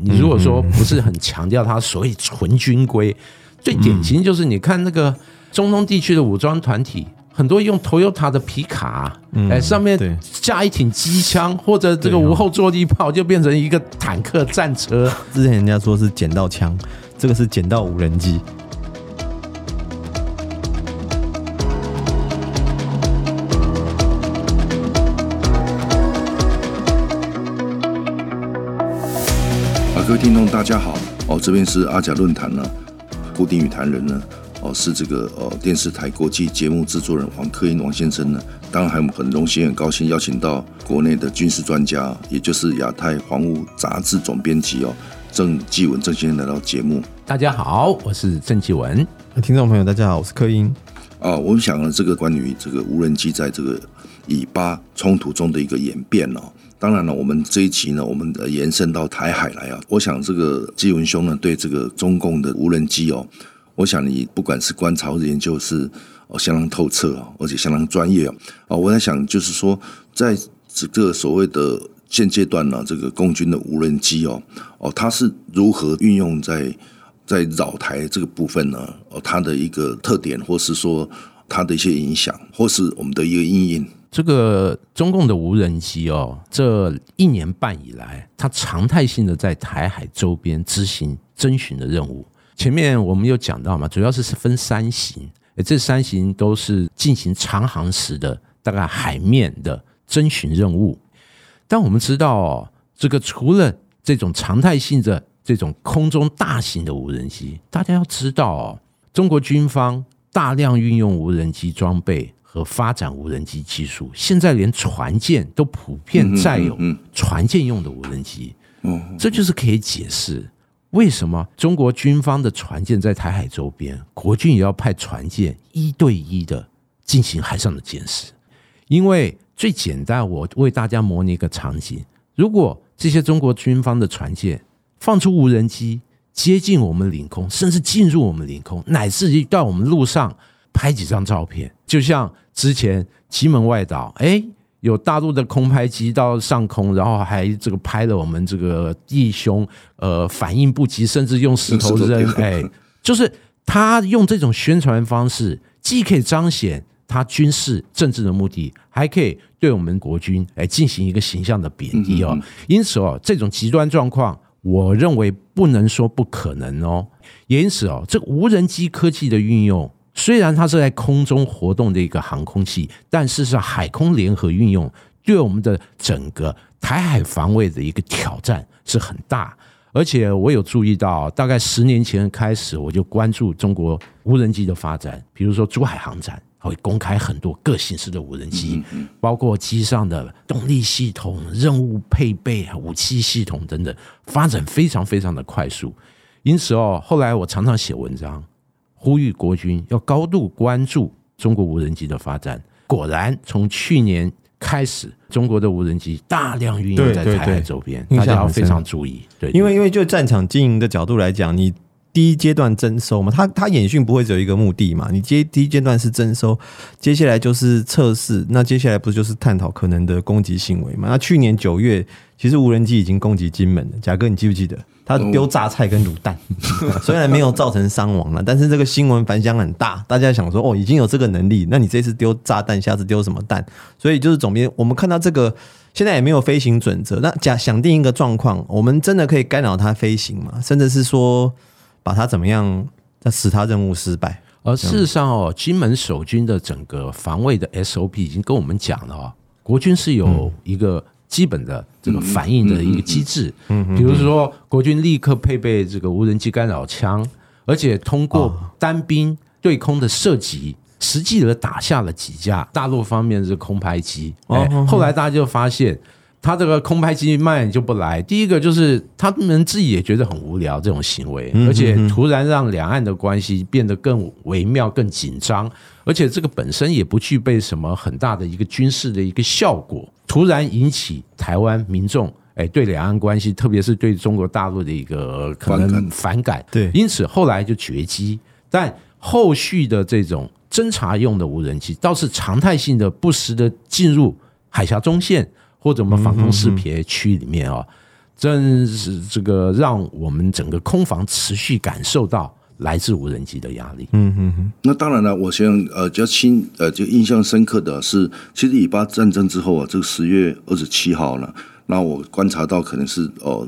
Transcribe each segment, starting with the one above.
你如果說不是很強調它所謂純軍規， 最典型就是你看那個中東地區的武裝團體、嗯，很多用 Toyota 的皮卡、啊，哎、嗯欸，上面架一挺機槍或者這個無後坐力炮，就變成一個坦克戰車。哦、之前人家說是撿到槍，這個是撿到無人機。各位聽眾，大家好！哦，這邊是阿甲論壇呢，固定與談人呢，哦，是這個呃、哦、電視台國際節目製作人王克殷王先生呢，當然還很榮幸、很高興邀請到國內的軍事專家，也就是亞太防務雜誌總編輯哦，鄭繼文鄭先生來到節目。大家好，我是鄭繼文。聽眾朋友，大家好，我是克殷。啊、哦，我們講了這個關於這個無人機在這個。以巴衝突中的一個演變哦，當然了，我們這一集呢，我們延伸到台海來啊。我想這個克殷兄呢，對這個中共的無人機哦，我想你不管是觀察或研究是相當透徹哦，而且相當專業哦。啊，我在想，就是說在這個所謂的現階段呢，這個共軍的無人機哦，哦，它是如何運用在在繞台這個部分呢？哦，它的一個特點，或是說它的一些影響，或是我們的一個因應。這個中共的無人機哦，這一年半以來，它常態性的在台海周邊執行偵巡的任務。前面我們有講到嘛，主要是分三型，這三型都是進行長航時的、大概海面的偵巡任務。但我們知道、哦，這個除了這種常態性的這種空中大型的無人機，大家要知道、哦，中國軍方大量運用無人機裝備。和發展無人機技術，現在連船艦都普遍載有船艦用的無人機。這就是可以解釋為什麼中國軍方的船艦在台海周邊，國軍也要派船艦一對一的進行海上的監視。因為最簡單，我為大家模擬一個場景：如果這些中國軍方的船艦放出無人機接近我們領空，甚至進入我們領空，乃至於到我們路上。拍幾張照片，就像之前金門外島，哎，有大陸的空拍機到上空，然後還這個拍了我們這個弟兄，呃，反應不及，甚至用石頭扔，哎，就是他用這種宣傳方式，既可以彰顯他軍事政治的目的，還可以對我們國軍來進行一個形象的貶低哦、喔嗯。嗯嗯、因此哦、喔，這種極端狀況，我認為不能說不可能哦、喔。因此哦、喔，這個無人機科技的運用。雖然它是在空中活動的一個航空器，但是是海空聯合運用，對我們的整個台海防衛的一個挑戰是很大。而且我有注意到，大概十年前開始，我就關注中國無人機的發展。比如說珠海航展會公開很多各形式的無人機，包括機上的動力系統、任務配備、武器系統等等，發展非常非常的快速。因此哦，後來我常常寫文章。呼籲國軍要高度關注中國無人機的發展。果然，從去年開始，中國的無人機大量運用在台海周邊，大家要非常注意。對，對，對，因為因為就戰場經營的角度來講，你。第一階段徵收嘛，他他演訓不會只有一個目的嘛，你接第一階段是徵收，接下來就是測試，那接下來不就是探討可能的攻擊行為嘛？那去年九月，其實無人機已經攻擊金門了，賈哥你記不記得？他丟榨菜、跟滷蛋， 雖然沒有造成傷亡了，但是這個新聞反響很大，大家想說哦，已經有這個能力，那你這次丟炸彈，下次丟什麼蛋？所以就是總編，我們看到這個現在也沒有飛行準則，那假想定一個狀況，我們真的可以干擾他飛行嘛？甚至是說。把他怎麼樣？那使他任務失敗。而事實上哦，金門守軍的整個防衛的 SOP 已經跟我們講了哦，國軍是有一個基本的這個反應的一個機制，嗯嗯，嗯，嗯，嗯，嗯，比如說國軍立刻配備這個無人機干擾槍，而且通過單兵對空的射擊，哦、實際的打下了幾架大陸方面是空拍機哦、哎，哦，後來大家就發現，他這個空拍機賣就不來。第一個就是他們自己也覺得很無聊這種行為，而且突然讓兩岸的關係變得更微妙、更緊張，而且這個本身也不具備什麼很大的一個軍事的一個效果。突然引起台灣民眾哎、欸、對兩岸關係，特別是對中國大陸的一個可能反感，反感。對，因此後來就絕跡。但後續的這種偵察用的無人機倒是常態性的不時的進入海峽中線，或者我們防空識別區裡面啊，真是這個讓我們整個空防持續感受到來自無人機的壓力嗯。嗯嗯嗯。那當然了，我想呃，比較親呃，就印象深刻的是，其實以巴戰爭之後啊，這個十月二十七號呢，那我觀察到可能是呃，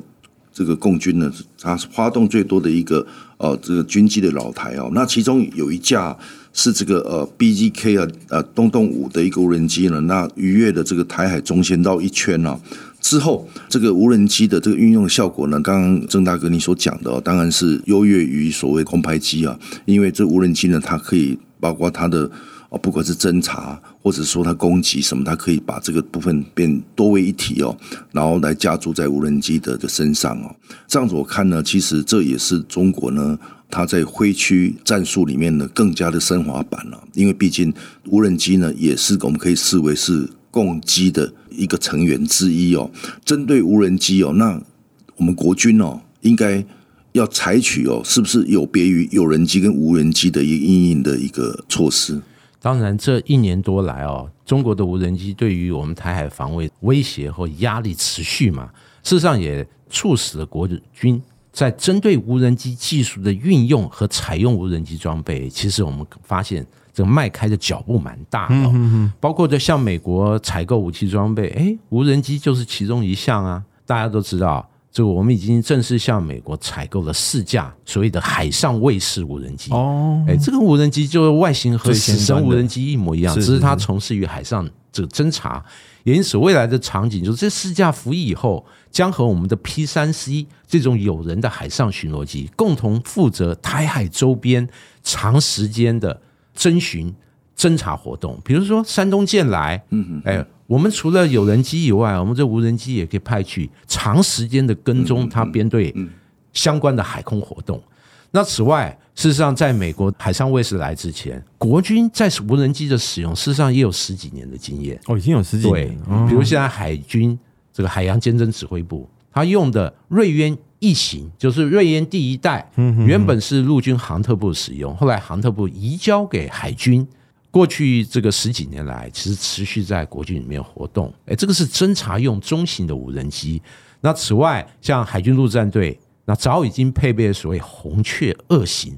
這個共軍呢，他是發動最多的一個呃，這個軍機的老台哦，那其中有一架。是這個呃，BZK 啊，呃，動動五的一個無人機呢，那逾越的這個台海中線繞一圈啊，之後這個無人機的這個運用效果呢，剛剛鄭大哥你所講的，當然是優越於所謂空拍機啊，因為這無人機呢，它可以包括它的啊，不管是偵查或者說它攻擊什麼，它可以把這個部分變多為一體哦，然後來加注在無人機的的身上哦。這樣子我看呢，其實這也是中國呢。它在灰區戰術裡面呢，更加的昇華版了、啊。因為畢竟無人機呢，也是我們可以視為是共機的一個成員之一哦。針對無人機哦，那我們國軍哦、喔，應該要採取哦、喔，是不是有別於有人機跟無人機的一個因應的一個措施？當然，這一年多來哦、喔，中國的無人機對於我們台海防衛威脅和壓力持續嘛，事實上也促使了國軍。在針對無人機技術的運用和採用無人機裝備，其實我們發現這個邁開的腳步蠻大的、嗯嗯嗯。包括就像美國採購武器裝備，哎，無人機就是其中一項啊。大家都知道，這個我們已經正式向美國採購了四架所謂的海上衛士無人機。哦，哎，這個無人機就是外形和死神無人機一模一樣，只是，是，是，是，是它從事於海上這個偵查。也因此，未來的場景就是這四架服役以後，將和我們的 P 三 C 這種有人的海上巡邏機共同負責台海周邊長時間的偵巡偵查活動。比如說，山東艦來，嗯嗯，哎，我們除了有人機以外，我們這無人機也可以派去長時間的跟蹤它編隊相關的海空活動。那此外，事實上，在美國海上衛士來之前，國軍在無人機的使用事實上也有十幾年的經驗。哦，已經有十幾年。對，嗯、比如現在海軍這個海洋監偵指揮部，他用的銳鳶一型，就是銳鳶第一代，原本是陸軍航特部使用嗯嗯，後來航特部移交給海軍。過去這個十幾年來，其實持續在國軍裡面活動。哎、欸，這個是偵察用中型的無人機。那此外，像海軍陸戰隊。那早已經配備了所謂紅雀二型，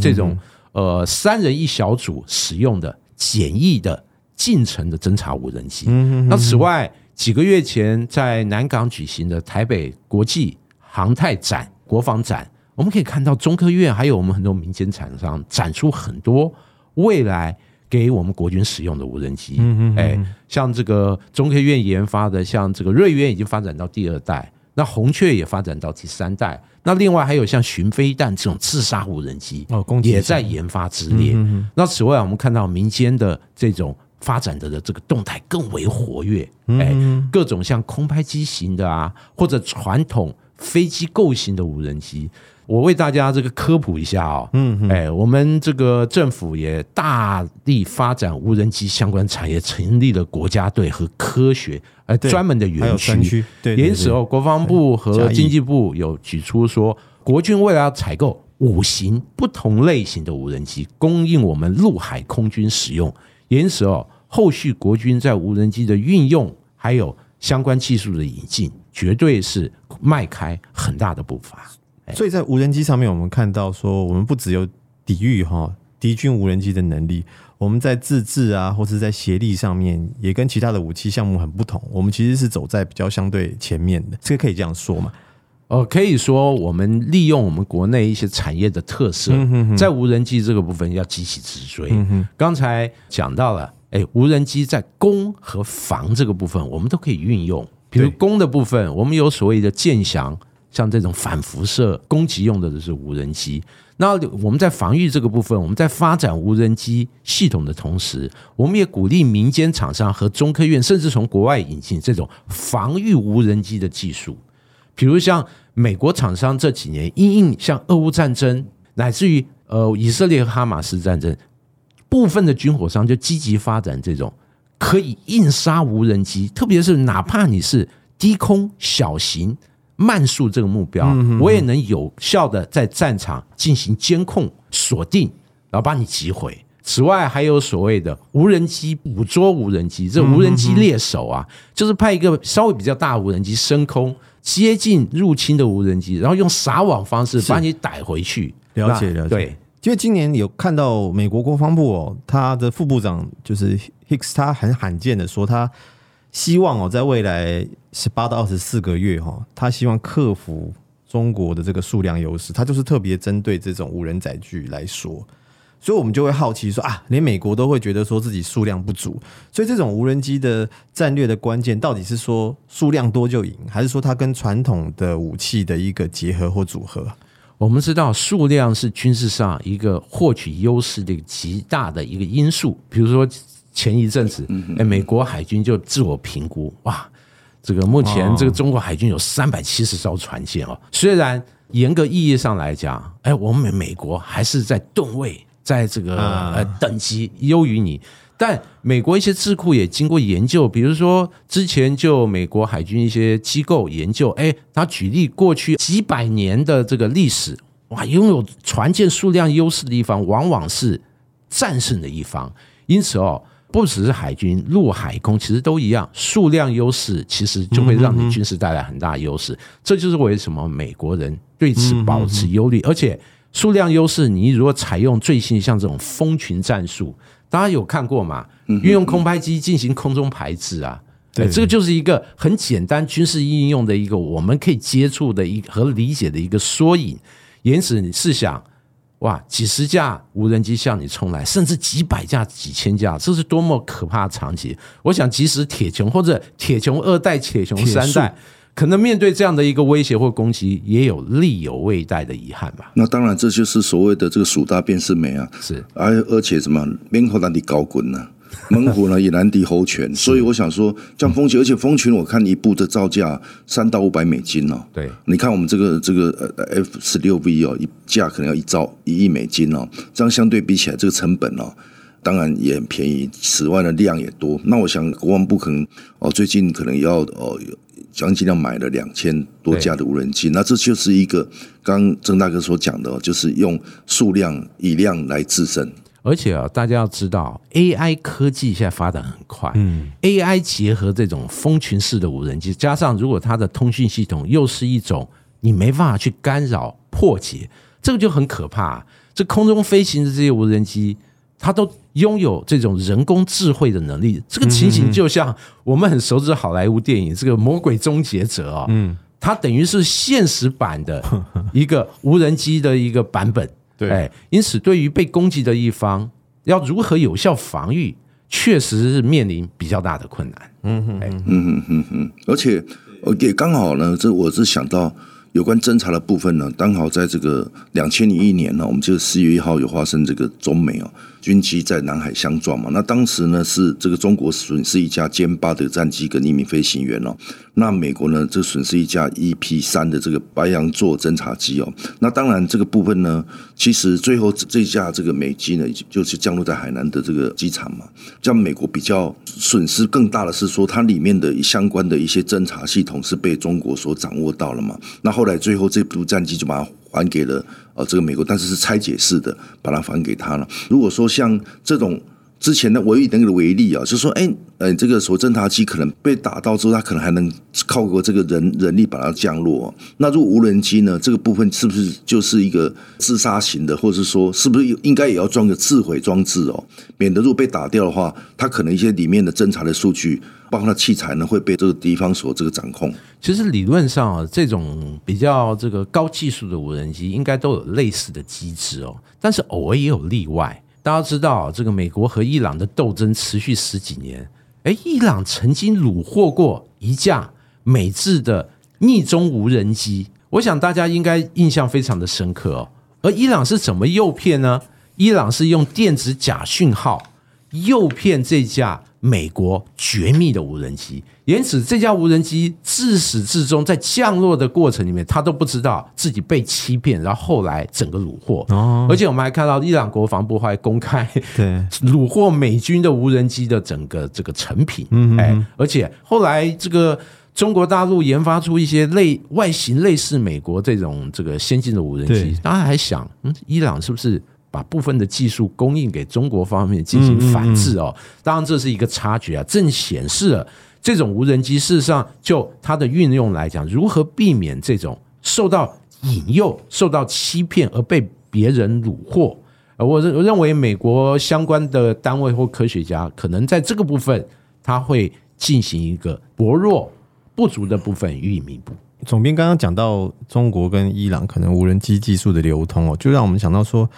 這種呃，三人一小組使用的簡易的近程的偵察無人機。那此外，幾個月前在南港舉行的台北國際航太展、國防展，我們可以看到中科院還有我們很多民間廠商展出很多未來給我們國軍使用的無人機。哎，像這個中科院研發的，像這個銳鳶已經發展到第二代。那紅雀也發展到第三代，那另外還有像巡飛彈這種刺殺無人機，哦，也在研發之列，嗯嗯嗯。那此外，我們看到民間的這種發展的的這個動態更為活躍，哎、欸，嗯嗯，各種像空拍機型的啊，或者傳統飛機構型的無人機。我為大家這個科普一下哦，嗯，哎，我們這個政府也大力發展無人機相關產業，成立了國家隊和科學呃專門的園區。對。因此哦，國防部和經濟部有舉出說，國軍為了要採購五型不同類型的無人機，供應我們陸海空軍使用。因此哦，後續國軍在無人機的運用還有相關技術的引進，絕對是邁開很大的步伐。所以在無人機上面，我們看到說，我們不只有抵禦哈敵軍無人機的能力，我們在自制啊，或者在協力上面，也跟其他的武器項目很不同。我們其實是走在比較相對前面的，這個可以這樣說嘛？哦、呃，可以說我們利用我們國內一些產業的特色，在無人機這個部分要急起直追。剛才講到了，哎，無人機在攻和防這個部分，我們都可以運用。比如攻的部分，我們有所謂的劍翔。像這種反輻射攻擊用的就是無人機。那我們在防禦這個部分，我們在發展無人機系統的同時，我們也鼓勵民間廠商和中科院，甚至從國外引進這種防禦無人機的技術。比如像美國廠商這幾年，因應像俄烏戰爭，乃至於呃以色列和哈馬斯戰爭，部分的軍火商就積極發展這種可以硬殺無人機，特別是哪怕你是低空小型。慢速這個目標，我也能有效的在戰場進行監控鎖定，然後把你擊毀。此外，還有所謂的無人機捕捉無人機，這無人機獵手啊、嗯，就是派一個稍微比較大無人機升空，接近入侵的無人機，然後用撒網方式把你逮回去。了解了解，對，因為今年有看到美國國防部、哦，他的副部長就是 Hicks，他很罕見的說他。希望哦，在未來十八到二十四個月哈，他希望克服中國的這個數量優勢。他就是特別針對這種無人載具來說，所以我們就會好奇說啊，連美國都會覺得說自己數量不足，所以這種無人機的戰略的關鍵到底是說數量多就贏，還是說它跟傳統的武器的一個結合或組合？我們知道數量是軍事上一個獲取優勢的一個極大的一個因素，比如說。前一陣子，嗯、哎，美國海軍就自我評估，哇，這個目前這個中國海軍有三百七十艘船艦哦，雖然嚴格意義上來講，哎，我們美美國還是在噸位，在這個呃等級優於你。但美國一些智庫也經過研究，比如說之前就美國海軍一些機構研究，哎，他舉例過去幾百年的這個歷史，哇，擁有船艦數量優勢的一方往往是戰勝的一方，因此哦。不只是海軍，陸海空其實都一樣，數量優勢其實就會讓你軍事帶來很大優勢、嗯。這就是為什麼美國人對此保持憂慮、嗯。而且數量優勢，你如果採用最新像這種蜂群戰術，大家有看過嘛？運用空拍機進行空中排制啊，對、嗯欸，這個就是一個很簡單軍事應用的一個我們可以接觸的一個和理解的一個縮影。因此，你試想，哇！幾十架無人機向你衝來，甚至幾百架、幾千架，這是多麼可怕的場景！我想，即使鐵穹或者鐵穹二代、鐵穹三代，可能面對這樣的一個威脅或攻擊，也有力有未逮的遺憾吧。那當然，這就是所謂的這個“數大便是美”啊！是，而而且什麼，面孔那你搞滾呢？猛虎呢，也難敵猴群，所以我想說，像蜂群，而且蜂群我看一部的造價三到五百美金哦。對，你看我們這個這個呃 F 十六 V 哦，一架可能要一造一億美金哦、喔。這樣相對比起來，這個成本哦、喔，當然也很便宜。此外的量也多。那我想，國王不可能哦，最近可能要哦，將近要買了兩千多架的無人機。那這就是一個剛曾大哥所講的，就是用數量以量來制勝。而且啊，大家要知道，AI 科技現在發展很快。嗯，AI 結合這種蜂群式的無人機，加上如果它的通訊系統又是一種你沒辦法去干擾、破解，這個就很可怕。這空中飛行的這些無人機，它都擁有這種人工智慧的能力。這個情形就像我們很熟知的好萊塢電影這個《魔鬼終結者》啊，嗯，它等於是現實版的一個無人機的一個版本。對、哎，因此對於被攻擊的一方，要如何有效防禦，確實是面臨比較大的困難。嗯哼嗯哼嗯嗯嗯，而且，我也剛好呢，這我是想到。有關偵察的部分呢，剛好在這個兩千零一年呢，我們就四月一號有發生這個中美哦軍機在南海相撞嘛。那當時呢是這個中國損失一架殲八的戰機跟一名飛行員哦。那美國呢就損失一架 EP 三的這個白羊座偵察機哦、喔。那當然這個部分呢，其實最後這架這個美機呢，就是降落在海南的這個機場嘛。像美國比較損失更大的是說，它裡面的相關的一些偵察系統是被中國所掌握到了嘛。那後來。在最後這部戰機就把它還給了呃、這個美國，但是是拆解式的把它還給他了。如果說像這種之前的唯一能力的唯一個為例啊、喔，就說哎哎、欸欸，這個所偵察機可能被打到之後，它可能還能靠過這個人人力把它降落、喔。那如果無人機呢，這個部分是不是就是一個自殺型的，或者說是不是應該也要裝個自毀裝置哦、喔，免得如果被打掉的話，它可能一些裡面的偵查的數據。包括器材呢會被這個敵方所這個掌控。其實理論上啊，這種比較這個高技術的無人機應該都有類似的機制哦。但是偶爾也有例外。大家知道這個美國和伊朗的鬥爭持續十幾年，誒，伊朗曾經擄獲過一架美制的匿蹤無人機，我想大家應該印象非常的深刻哦。而伊朗是怎麼誘騙呢？伊朗是用電子假訊號誘騙這架美國絕密的無人機，因此這架無人機自始至終在降落的過程裡面，他都不知道自己被欺騙，然後後來整個擄獲。哦，而且我們還看到伊朗國防部還公開對擄獲美軍的無人機的整個這個成品，哎，而且後來這個中國大陸研發出一些類外形類似美國這種這個先進的無人機，當然還想，嗯，伊朗是不是？把部分的技術供應給中國方面進行反制哦，當然這是一個差距啊，正顯示了這種無人機事實上就它的運用來講，如何避免這種受到引誘、受到欺騙而被別人擄獲。我我認為美國相關的單位或科學家可能在這個部分，它會進行一個薄弱不足的部分予以彌補。總編剛剛講到中國跟伊朗可能無人機技術的流通哦，就讓我們想到說。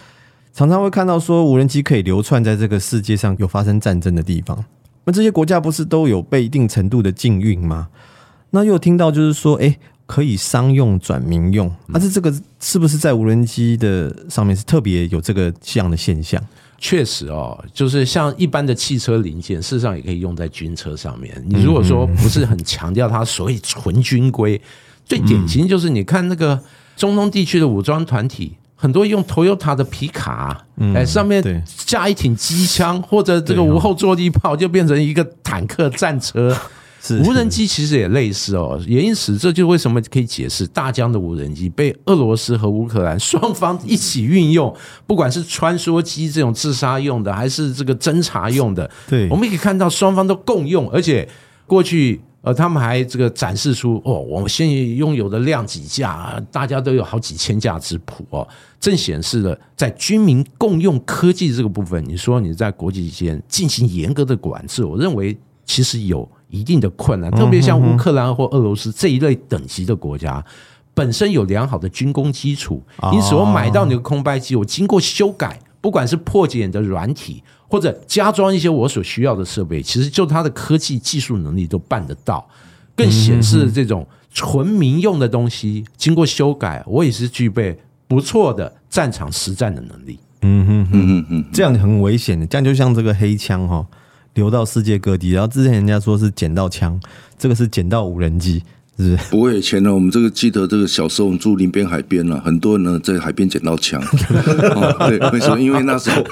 常常會看到說，無人機可以流竄在這個世界上有發生戰爭的地方。那這些國家不是都有被一定程度的禁運嗎？那又聽到就是說，哎、欸，可以商用轉民用，但是這個是不是在無人機的上面是特別有這個這樣的現象？確實哦，就是像一般的汽車零件，事實上也可以用在軍車上面。你如果說不是很強調它 所以純軍規，最典型就是你看那個中東地區的武裝團體。很多用 Toyota 的皮卡，哎，上面架一挺機槍或者這個無後坐力炮，就變成一個坦克戰車。無人機其實也類似哦，也因此這就為什麼可以解釋大疆的無人機被俄羅斯和烏克蘭雙方一起運用，不管是穿梭機這種自殺用的，還是這個偵察用的，對，我們可以看到雙方都共用，而且過去。呃，他們還這個展示出哦，我們現在擁有的量幾架、啊，大家都有好幾千架之譜哦，正顯示了在軍民共用科技這個部分，你說你在國際間進行嚴格的管制，我認為其實有一定的困難，特別像烏克蘭或俄羅斯這一類等級的國家，本身有良好的軍工基礎，因此我買到你的空拍機，我經過修改，不管是破解你的軟體。或者加裝一些我所需要的設備，其實就它的科技技術能力都辦得到，更顯示這種純民用的東西經過修改，我也是具備不錯的戰場實戰的能力。嗯哼哼哼哼，這樣很危險的，這樣就像這個黑槍齁，流到世界各地。然後之前人家說是撿到槍，這個是撿到無人機。不過，以前呢，我們這個記得這個小時候，我們住林邊海邊啊，很多人呢在海邊撿到槍。 啊、對，沒錯，因為那時候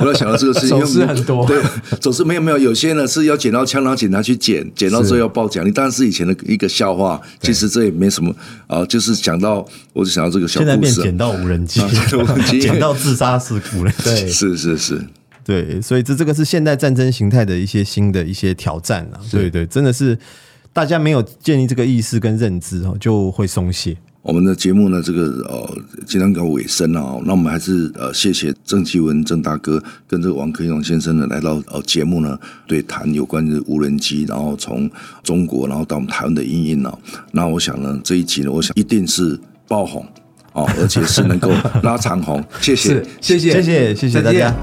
我要想到這個事情，走私很多，對，走私沒有沒有，有些呢是要撿到槍，然後警察去撿，撿到之後要報警。你當然是以前的一個笑話，其實這也沒什麼啊，就是講到我就想到這個小故事，啊，現在變撿到無人機，撿到自殺式無人機，是是是，對，所以這這個是現代戰爭形態的一些新的一些挑戰了，啊，對對，真的是。大家沒有建立這個意識跟認知哦，就會鬆懈。我們的節目呢，這個呃，即然搞尾聲了、哦，那我們還是呃，謝謝鄭啟文鄭大哥跟這個王克勇先生呢，來到呃節目呢，對談有關於無人機，然後從中國，然後到我們台灣的陰影了。那我想呢，這一集呢，我想一定是爆紅哦，而且是能夠拉長紅。 謝謝，謝謝，謝謝，謝謝大家。